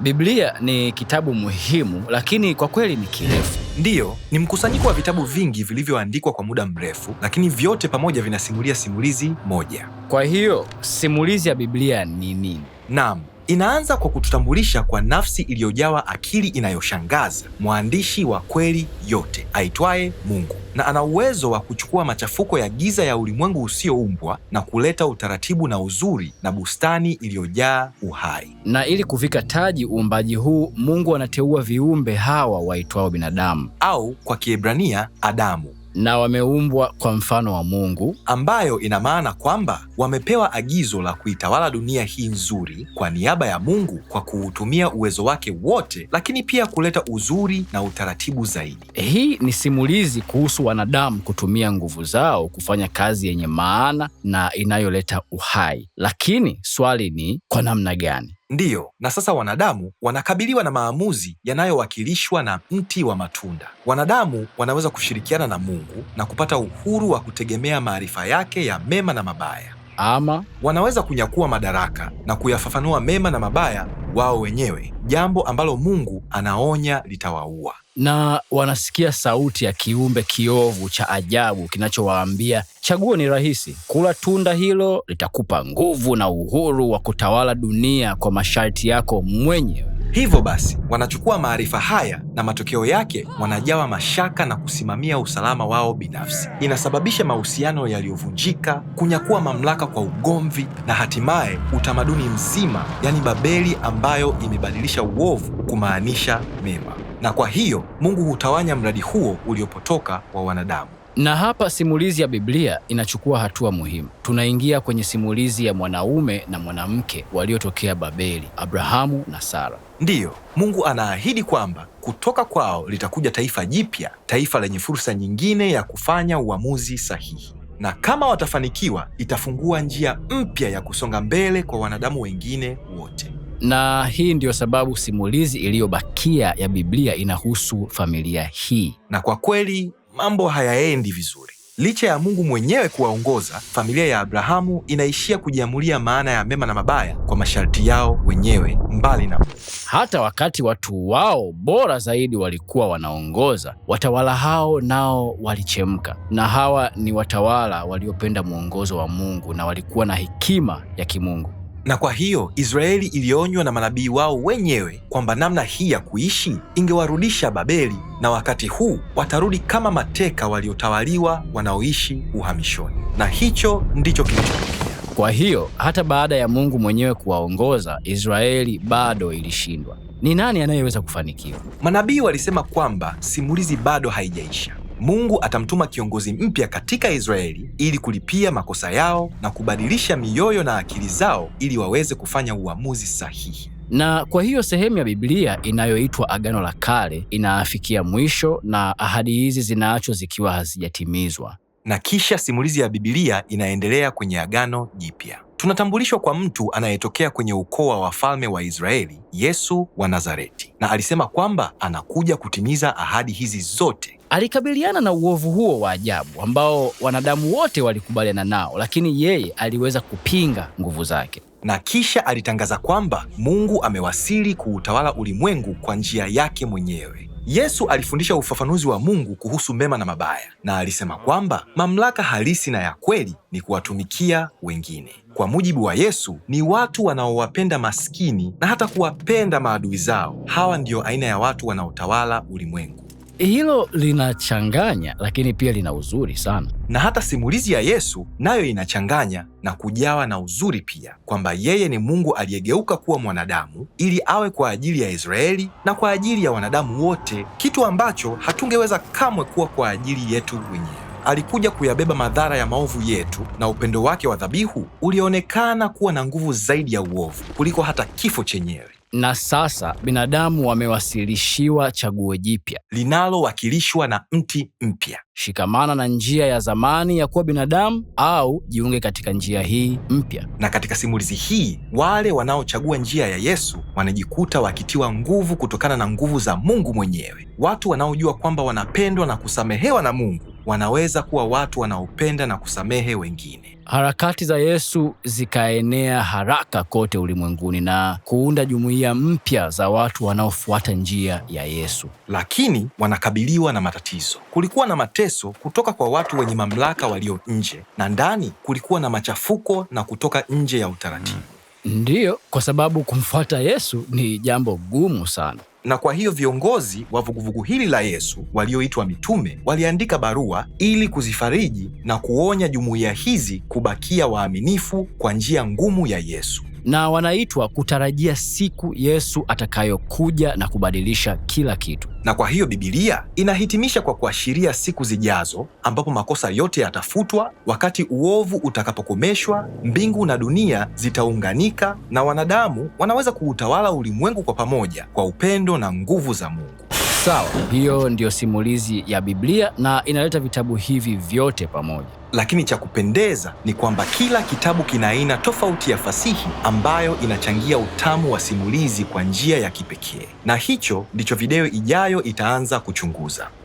Biblia ni kitabu muhimu, lakini kwa kweli ni kirefu. Ndiyo, ni mkusanyiko wa vitabu vingi vilivyoandikwa kwa muda mrefu, lakini vyote pamoja vinasimulia simulizi moja. Kwa hiyo simulizi ya Biblia ni nini? Naam. Inaanza kwa kututambulisha kwa nafsi iliyojawa akili inayoshangaza, mwandishi wa kweli yote aitwaye Mungu, na ana uwezo wa kuchukua machafuko ya giza ya ulimwengu usioumbwa na kuleta utaratibu na uzuri na bustani iliyojaa uhai. Na ili kuvika taji uumbaji huu, Mungu anateua viumbe hawa waitwao binadamu au kwa Kiebrania Adamu na wameumbwa kwa mfano wa Mungu, ambayo ina maana kwamba wamepewa agizo la kuitawala dunia hii nzuri kwa niaba ya Mungu kwa kuutumia uwezo wake wote, lakini pia kuleta uzuri na utaratibu zaidi. Hii ni simulizi kuhusu wanadamu kutumia nguvu zao kufanya kazi yenye maana na inayoleta uhai, lakini swali ni kwa namna gani? Ndiyo, na sasa wanadamu wanakabiliwa na maamuzi yanayowakilishwa na mti wa matunda. Wanadamu wanaweza kushirikiana na Mungu na kupata uhuru wa kutegemea maarifa yake ya mema na mabaya, ama wanaweza kunyakua madaraka na kuyafafanua mema na mabaya wao wenyewe, jambo ambalo Mungu anaonya litawaua na wanasikia sauti ya kiumbe kiovu cha ajabu kinachowaambia chaguo ni rahisi: kula tunda hilo litakupa nguvu na uhuru wa kutawala dunia kwa masharti yako mwenyewe. Hivyo basi, wanachukua maarifa haya na matokeo yake wanajawa mashaka na kusimamia usalama wao binafsi. Inasababisha mahusiano yaliyovunjika, kunyakua mamlaka kwa ugomvi, na hatimaye utamaduni mzima, yaani Babeli, ambayo imebadilisha uovu kumaanisha mema na kwa hiyo Mungu hutawanya mradi huo uliopotoka wa wanadamu. Na hapa simulizi ya Biblia inachukua hatua muhimu. Tunaingia kwenye simulizi ya mwanaume na mwanamke waliotokea Babeli, Abrahamu na Sara. Ndiyo, Mungu anaahidi kwamba kutoka kwao litakuja taifa jipya, taifa lenye fursa nyingine ya kufanya uamuzi sahihi, na kama watafanikiwa, itafungua njia mpya ya kusonga mbele kwa wanadamu wengine wote. Na hii ndiyo sababu simulizi iliyobakia ya Biblia inahusu familia hii. Na kwa kweli mambo hayaendi vizuri. Licha ya Mungu mwenyewe kuwaongoza, familia ya Abrahamu inaishia kujiamulia maana ya mema na mabaya kwa masharti yao wenyewe, mbali na Mungu. Hata wakati watu wao bora zaidi walikuwa wanaongoza, watawala hao nao walichemka. Na hawa ni watawala waliopenda mwongozo wa Mungu na walikuwa na hekima ya kimungu na kwa hiyo Israeli ilionywa na manabii wao wenyewe kwamba namna hii ya kuishi ingewarudisha Babeli, na wakati huu watarudi kama mateka waliotawaliwa wanaoishi uhamishoni. Na hicho ndicho kilichotokea. Kwa hiyo hata baada ya Mungu mwenyewe kuwaongoza, Israeli bado ilishindwa. Ni nani anayeweza kufanikiwa? Manabii walisema kwamba simulizi bado haijaisha. Mungu atamtuma kiongozi mpya katika Israeli ili kulipia makosa yao na kubadilisha mioyo na akili zao ili waweze kufanya uamuzi sahihi. Na kwa hiyo sehemu ya Biblia inayoitwa Agano la Kale inaafikia mwisho na ahadi hizi zinaachwa zikiwa hazijatimizwa. Na kisha simulizi ya Biblia inaendelea kwenye Agano Jipya. Tunatambulishwa kwa mtu anayetokea kwenye ukoo wa wafalme wa Israeli, Yesu wa Nazareti, na alisema kwamba anakuja kutimiza ahadi hizi zote. Alikabiliana na uovu huo wa ajabu ambao wanadamu wote walikubaliana nao, lakini yeye aliweza kupinga nguvu zake. Na kisha alitangaza kwamba Mungu amewasili kuutawala ulimwengu kwa njia yake mwenyewe. Yesu alifundisha ufafanuzi wa Mungu kuhusu mema na mabaya, na alisema kwamba mamlaka halisi na ya kweli ni kuwatumikia wengine. Kwa mujibu wa Yesu, ni watu wanaowapenda maskini na hata kuwapenda maadui zao. Hawa ndiyo aina ya watu wanaotawala ulimwengu. Hilo linachanganya, lakini pia lina uzuri sana, na hata simulizi ya Yesu nayo inachanganya na kujawa na uzuri pia, kwamba yeye ni Mungu aliyegeuka kuwa mwanadamu ili awe kwa ajili ya Israeli na kwa ajili ya wanadamu wote, kitu ambacho hatungeweza kamwe kuwa kwa ajili yetu wenyewe. Alikuja kuyabeba madhara ya maovu yetu, na upendo wake wa dhabihu ulionekana kuwa na nguvu zaidi ya uovu kuliko hata kifo chenyewe na sasa binadamu wamewasilishiwa chaguo jipya linalowakilishwa na mti mpya. Shikamana na njia ya zamani ya kuwa binadamu au jiunge katika njia hii mpya. Na katika simulizi hii, wale wanaochagua njia ya Yesu wanajikuta wakitiwa nguvu kutokana na nguvu za Mungu mwenyewe. Watu wanaojua kwamba wanapendwa na kusamehewa na Mungu wanaweza kuwa watu wanaopenda na kusamehe wengine. Harakati za Yesu zikaenea haraka kote ulimwenguni na kuunda jumuiya mpya za watu wanaofuata njia ya Yesu, lakini wanakabiliwa na matatizo. Kulikuwa na mateso kutoka kwa watu wenye mamlaka walio nje, na ndani kulikuwa na machafuko na kutoka nje ya utaratibu. Ndiyo, kwa sababu kumfuata Yesu ni jambo gumu sana. Na kwa hiyo viongozi wa vuguvugu hili la Yesu walioitwa mitume waliandika barua ili kuzifariji na kuonya jumuiya hizi kubakia waaminifu kwa njia ngumu ya Yesu na wanaitwa kutarajia siku Yesu atakayokuja na kubadilisha kila kitu. Na kwa hiyo Biblia inahitimisha kwa kuashiria siku zijazo ambapo makosa yote yatafutwa, wakati uovu utakapokomeshwa, mbingu na dunia zitaunganika na wanadamu wanaweza kuutawala ulimwengu kwa pamoja kwa upendo na nguvu za Mungu. Sawa, hiyo ndiyo simulizi ya Biblia na inaleta vitabu hivi vyote pamoja. Lakini cha kupendeza ni kwamba kila kitabu kina aina tofauti ya fasihi ambayo inachangia utamu wa simulizi kwa njia ya kipekee, na hicho ndicho video ijayo itaanza kuchunguza.